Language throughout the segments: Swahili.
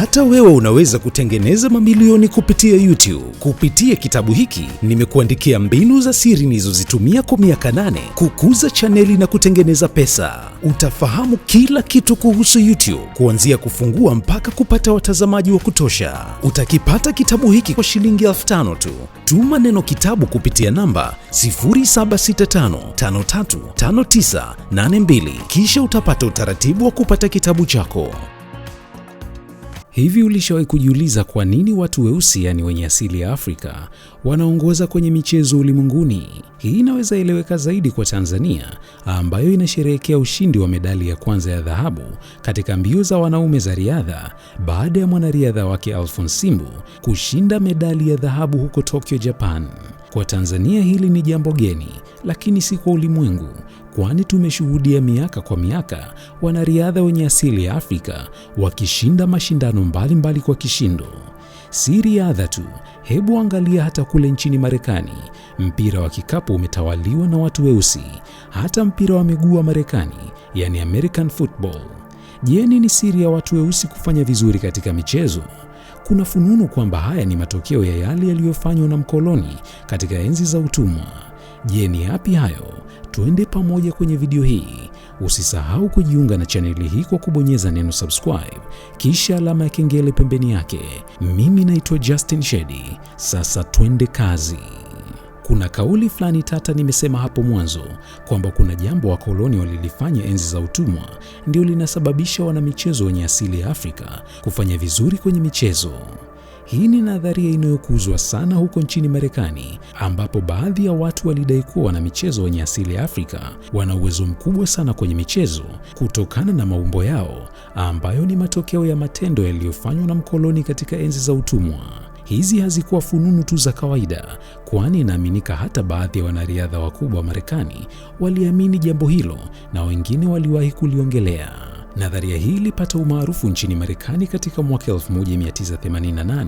hata wewe unaweza kutengeneza mamilioni kupitia YouTube. Kupitia kitabu hiki nimekuandikia mbinu za siri nilizozitumia kwa miaka nane kukuza chaneli na kutengeneza pesa. Utafahamu kila kitu kuhusu YouTube, kuanzia kufungua mpaka kupata watazamaji wa kutosha. Utakipata kitabu hiki kwa shilingi elfu tano tu. Tuma neno kitabu kupitia namba 0765535982 kisha utapata utaratibu wa kupata kitabu chako. Hivi ulishawahi kujiuliza kwa nini watu weusi, yaani wenye asili ya Afrika, wanaongoza kwenye michezo ulimwenguni? Hii inaweza eleweka zaidi kwa Tanzania ambayo inasherehekea ushindi wa medali ya kwanza ya dhahabu katika mbio za wanaume za riadha baada ya mwanariadha wake Alphonce Simbu kushinda medali ya dhahabu huko Tokyo, Japan. Kwa Tanzania hili ni jambo geni, lakini si kwa ulimwengu, kwani tumeshuhudia miaka kwa miaka wanariadha wenye asili ya Afrika wakishinda mashindano mbalimbali mbali kwa kishindo. Si riadha tu, hebu angalia hata kule nchini Marekani, mpira wa kikapu umetawaliwa na watu weusi, hata mpira wa miguu wa Marekani, yani American football. Je, nini siri ya watu weusi kufanya vizuri katika michezo? Kuna fununu kwamba haya ni matokeo ya yale yaliyofanywa na mkoloni katika enzi za utumwa. Je, ni yapi hayo? Tuende pamoja kwenye video hii. Usisahau kujiunga na chaneli hii kwa kubonyeza neno subscribe kisha alama ya kengele pembeni yake. Mimi naitwa Justin Shedi. Sasa twende kazi. Kuna kauli fulani tata nimesema hapo mwanzo kwamba kuna jambo wakoloni walilifanya enzi za utumwa ndio linasababisha wanamichezo wenye asili ya Afrika kufanya vizuri kwenye michezo. Hii ni nadharia inayokuzwa sana huko nchini Marekani, ambapo baadhi ya watu walidai kuwa wanamichezo wenye asili ya Afrika wana uwezo mkubwa sana kwenye michezo kutokana na maumbo yao ambayo ni matokeo ya matendo yaliyofanywa na mkoloni katika enzi za utumwa. Hizi hazikuwa fununu tu za kawaida, kwani inaaminika hata baadhi ya wanariadha wakubwa wa Marekani waliamini jambo hilo na wengine waliwahi kuliongelea. Nadharia hii ilipata umaarufu nchini Marekani katika mwaka 1988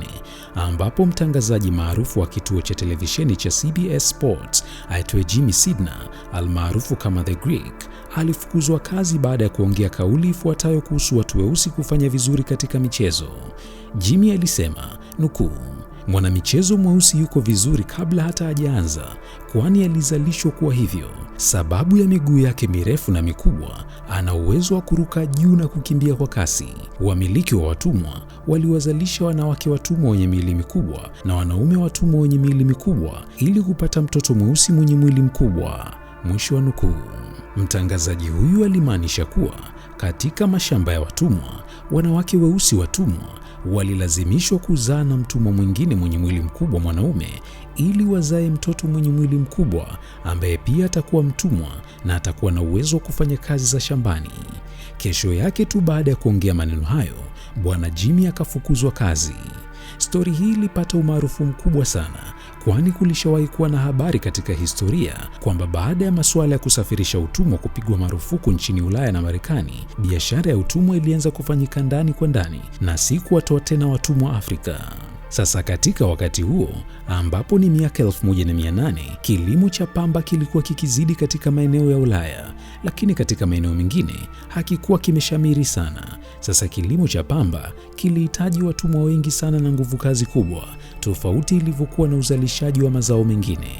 ambapo mtangazaji maarufu wa kituo cha televisheni cha CBS Sports aitwaye Jimmy Sidner almaarufu kama The Greek alifukuzwa kazi baada ya kuongea kauli ifuatayo kuhusu watu weusi kufanya vizuri katika michezo. Jimmy alisema nukuu Mwanamichezo mweusi yuko vizuri kabla hata hajaanza, kwani alizalishwa kuwa hivyo. Sababu ya miguu yake mirefu na mikubwa, ana uwezo wa kuruka juu na kukimbia kwa kasi. Wamiliki wa watumwa waliwazalisha wanawake watumwa wenye miili mikubwa na wanaume watumwa wenye miili mikubwa ili kupata mtoto mweusi mwenye mwili mkubwa. Mwisho wa nukuu. Mtangazaji huyu alimaanisha kuwa katika mashamba ya watumwa, wanawake weusi watumwa walilazimishwa kuzaa na mtumwa mwingine mwenye mwili mkubwa mwanaume ili wazae mtoto mwenye mwili mkubwa ambaye pia atakuwa mtumwa na atakuwa na uwezo wa kufanya kazi za shambani. Kesho yake tu baada ya kuongea maneno hayo, Bwana Jimmy akafukuzwa kazi. Stori hii ilipata umaarufu mkubwa sana kwani kulishawahi kuwa na habari katika historia kwamba baada ya masuala ya kusafirisha utumwa kupigwa marufuku nchini Ulaya na Marekani, biashara ya utumwa ilianza kufanyika ndani kwa ndani na si kuwatoa tena watumwa Afrika. Sasa katika wakati huo ambapo ni miaka 1800 kilimo cha pamba kilikuwa kikizidi katika maeneo ya Ulaya, lakini katika maeneo mengine hakikuwa kimeshamiri sana. Sasa kilimo cha pamba kilihitaji watumwa wengi sana na nguvu kazi kubwa, tofauti ilivyokuwa na uzalishaji wa mazao mengine.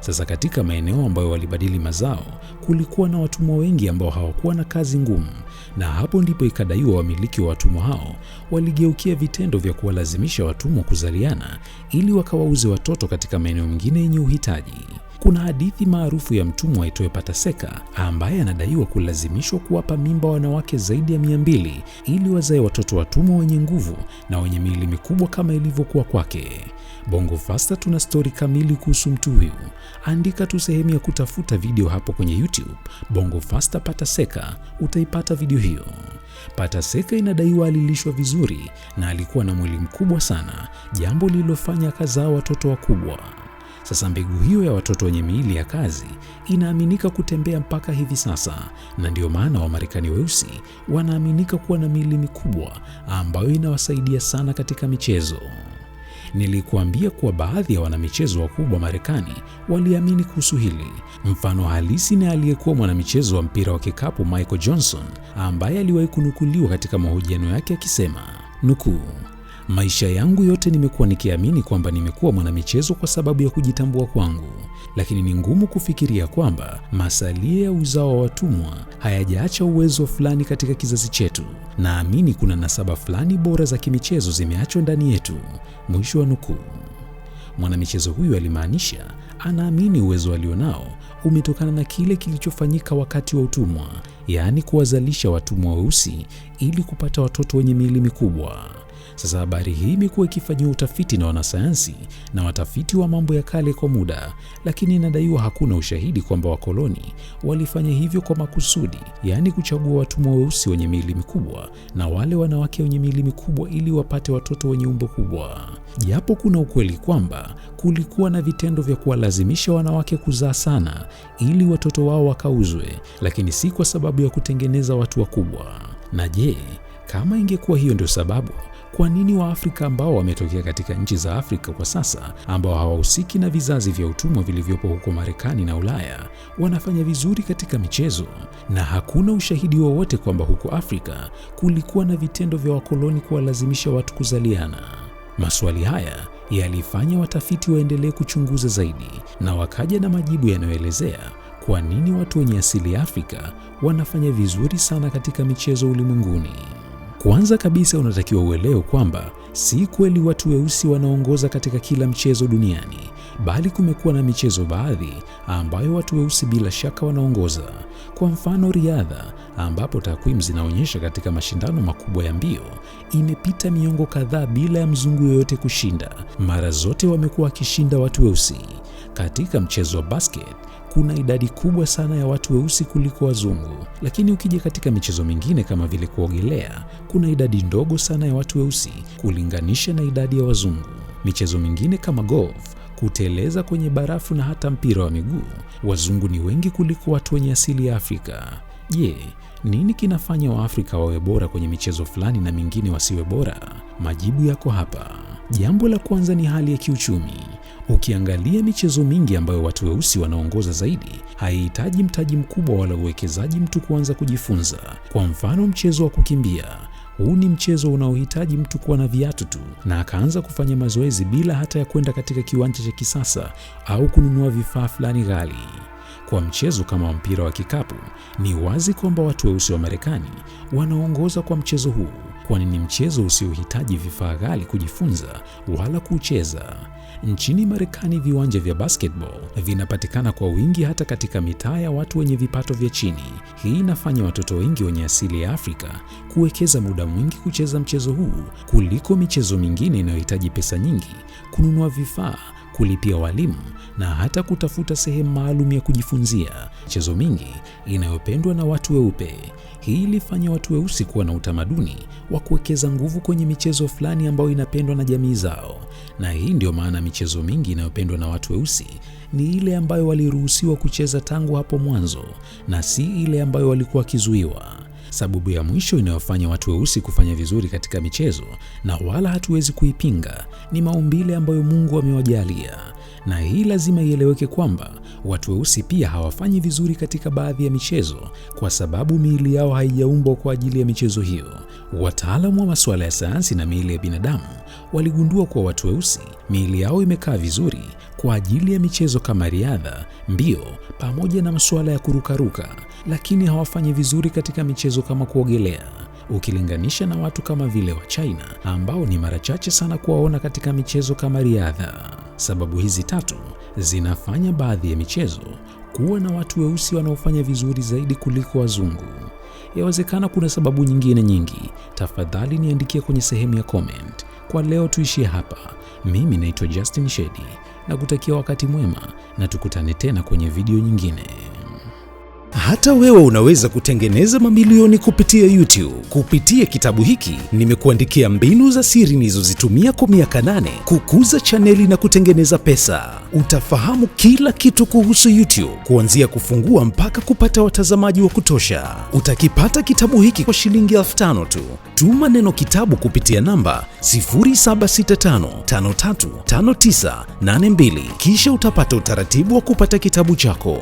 Sasa katika maeneo ambayo walibadili mazao, kulikuwa na watumwa wengi ambao hawakuwa na kazi ngumu, na hapo ndipo ikadaiwa wamiliki wa watumwa hao waligeukia vitendo vya kuwalazimisha watumwa kuzaliana ili wakawauze watoto katika maeneo mengine yenye uhitaji. Kuna hadithi maarufu ya mtumwa aitwaye Pataseka ambaye anadaiwa kulazimishwa kuwapa mimba wanawake zaidi ya mia mbili ili wazae watoto watumwa wenye nguvu na wenye miili mikubwa kama ilivyokuwa kwake. Bongo fasta tuna stori kamili kuhusu mtu huyu. Andika tu sehemu ya kutafuta video hapo kwenye YouTube, Bongo fasta Pataseka, utaipata video hiyo. Pataseka inadaiwa alilishwa vizuri na alikuwa na mwili mkubwa sana, jambo lililofanya akazaa watoto wakubwa. Sasa mbegu hiyo ya watoto wenye miili ya kazi inaaminika kutembea mpaka hivi sasa, na ndiyo maana Wamarekani weusi wanaaminika kuwa na miili mikubwa ambayo inawasaidia sana katika michezo. Nilikuambia kuwa baadhi ya wanamichezo wakubwa Marekani waliamini kuhusu hili. Mfano halisi ni aliyekuwa mwanamichezo wa mpira wa kikapu Michael Johnson, ambaye aliwahi kunukuliwa katika mahojiano yake akisema nukuu Maisha yangu yote nimekuwa nikiamini kwamba nimekuwa mwanamichezo kwa sababu ya kujitambua kwangu, lakini ni ngumu kufikiria kwamba masalia ya uzao wa watumwa hayajaacha uwezo fulani katika kizazi chetu. Naamini kuna nasaba fulani bora za kimichezo zimeachwa ndani yetu. Mwisho wa nukuu. Mwanamichezo huyu alimaanisha anaamini uwezo alionao umetokana na kile kilichofanyika wakati wa utumwa, yaani kuwazalisha watumwa weusi ili kupata watoto wenye miili mikubwa. Sasa habari hii imekuwa ikifanyiwa utafiti na wanasayansi na watafiti wa mambo ya kale kwa muda, lakini inadaiwa hakuna ushahidi kwamba wakoloni walifanya hivyo kwa makusudi, yaani kuchagua watumwa weusi wenye miili mikubwa na wale wanawake wenye miili mikubwa ili wapate watoto wenye umbo kubwa, japo kuna ukweli kwamba kulikuwa na vitendo vya kuwalazimisha wanawake kuzaa sana ili watoto wao wakauzwe, lakini si kwa sababu ya kutengeneza watu wakubwa. Na je, kama ingekuwa hiyo ndio sababu kwa nini Waafrika ambao wametokea katika nchi za Afrika kwa sasa ambao hawahusiki na vizazi vya utumwa vilivyopo huko Marekani na Ulaya wanafanya vizuri katika michezo, na hakuna ushahidi wowote kwamba huko Afrika kulikuwa na vitendo vya wakoloni kuwalazimisha watu kuzaliana? Maswali haya yalifanya watafiti waendelee kuchunguza zaidi na wakaja na majibu yanayoelezea kwa nini watu wenye asili ya Afrika wanafanya vizuri sana katika michezo ulimwenguni. Kwanza kabisa unatakiwa uelewe kwamba si kweli watu weusi wanaongoza katika kila mchezo duniani, bali kumekuwa na michezo baadhi ambayo watu weusi bila shaka wanaongoza. Kwa mfano, riadha, ambapo takwimu zinaonyesha katika mashindano makubwa ya mbio imepita miongo kadhaa bila ya mzungu yoyote kushinda. Mara zote wamekuwa wakishinda watu weusi. Katika mchezo wa basket kuna idadi kubwa sana ya watu weusi kuliko wazungu, lakini ukija katika michezo mingine kama vile kuogelea, kuna idadi ndogo sana ya watu weusi kulinganisha na idadi ya wazungu. Michezo mingine kama golf kuteleza kwenye barafu na hata mpira wa miguu, wazungu ni wengi kuliko watu wenye asili ya Afrika. Je, nini kinafanya Waafrika wawe bora kwenye michezo fulani na mingine wasiwe bora? Majibu yako hapa. Jambo la kwanza ni hali ya kiuchumi. Ukiangalia michezo mingi ambayo watu weusi wanaongoza zaidi, haihitaji mtaji mkubwa wala uwekezaji mtu kuanza kujifunza. Kwa mfano, mchezo wa kukimbia huu ni mchezo unaohitaji mtu kuwa na viatu tu na akaanza kufanya mazoezi bila hata ya kwenda katika kiwanja cha kisasa au kununua vifaa fulani ghali. Kwa mchezo kama wa mpira wa kikapu, ni wazi kwamba watu weusi wa Marekani wanaongoza kwa mchezo huu kwani ni mchezo usiohitaji vifaa ghali kujifunza wala kucheza. Nchini Marekani, viwanja vya basketball vinapatikana kwa wingi hata katika mitaa ya watu wenye vipato vya chini. Hii inafanya watoto wengi wenye asili ya Afrika kuwekeza muda mwingi kucheza mchezo huu kuliko michezo mingine inayohitaji pesa nyingi, kununua vifaa kulipia walimu na hata kutafuta sehemu maalum ya kujifunzia michezo mingi inayopendwa na watu weupe. Hii ilifanya watu weusi kuwa na utamaduni wa kuwekeza nguvu kwenye michezo fulani ambayo inapendwa na jamii zao, na hii ndiyo maana michezo mingi inayopendwa na watu weusi ni ile ambayo waliruhusiwa kucheza tangu hapo mwanzo na si ile ambayo walikuwa wakizuiwa sababu ya mwisho inayofanya watu weusi kufanya vizuri katika michezo, na wala hatuwezi kuipinga, ni maumbile ambayo Mungu amewajalia. Na hii lazima ieleweke kwamba watu weusi pia hawafanyi vizuri katika baadhi ya michezo kwa sababu miili yao haijaumbwa kwa ajili ya michezo hiyo. Wataalamu wa masuala ya sayansi na miili ya binadamu waligundua kuwa watu weusi miili yao imekaa vizuri kwa ajili ya michezo kama riadha, mbio pamoja na masuala ya kurukaruka, lakini hawafanyi vizuri katika michezo kama kuogelea ukilinganisha na watu kama vile wa China ambao ni mara chache sana kuwaona katika michezo kama riadha. Sababu hizi tatu zinafanya baadhi ya michezo kuwa na watu weusi wanaofanya vizuri zaidi kuliko wazungu. Yawezekana kuna sababu nyingine nyingi. Tafadhali niandikia kwenye sehemu ya comment. Kwa leo tuishie hapa. Mimi naitwa Justin Shedi na kutakia wakati mwema na tukutane tena kwenye video nyingine. Hata wewe unaweza kutengeneza mamilioni kupitia YouTube. Kupitia kitabu hiki nimekuandikia mbinu za siri nilizozitumia kwa miaka nane kukuza chaneli na kutengeneza pesa. Utafahamu kila kitu kuhusu YouTube, kuanzia kufungua mpaka kupata watazamaji wa kutosha. Utakipata kitabu hiki kwa shilingi elfu tano tu. Tuma neno kitabu kupitia namba 0765535982 kisha utapata utaratibu wa kupata kitabu chako.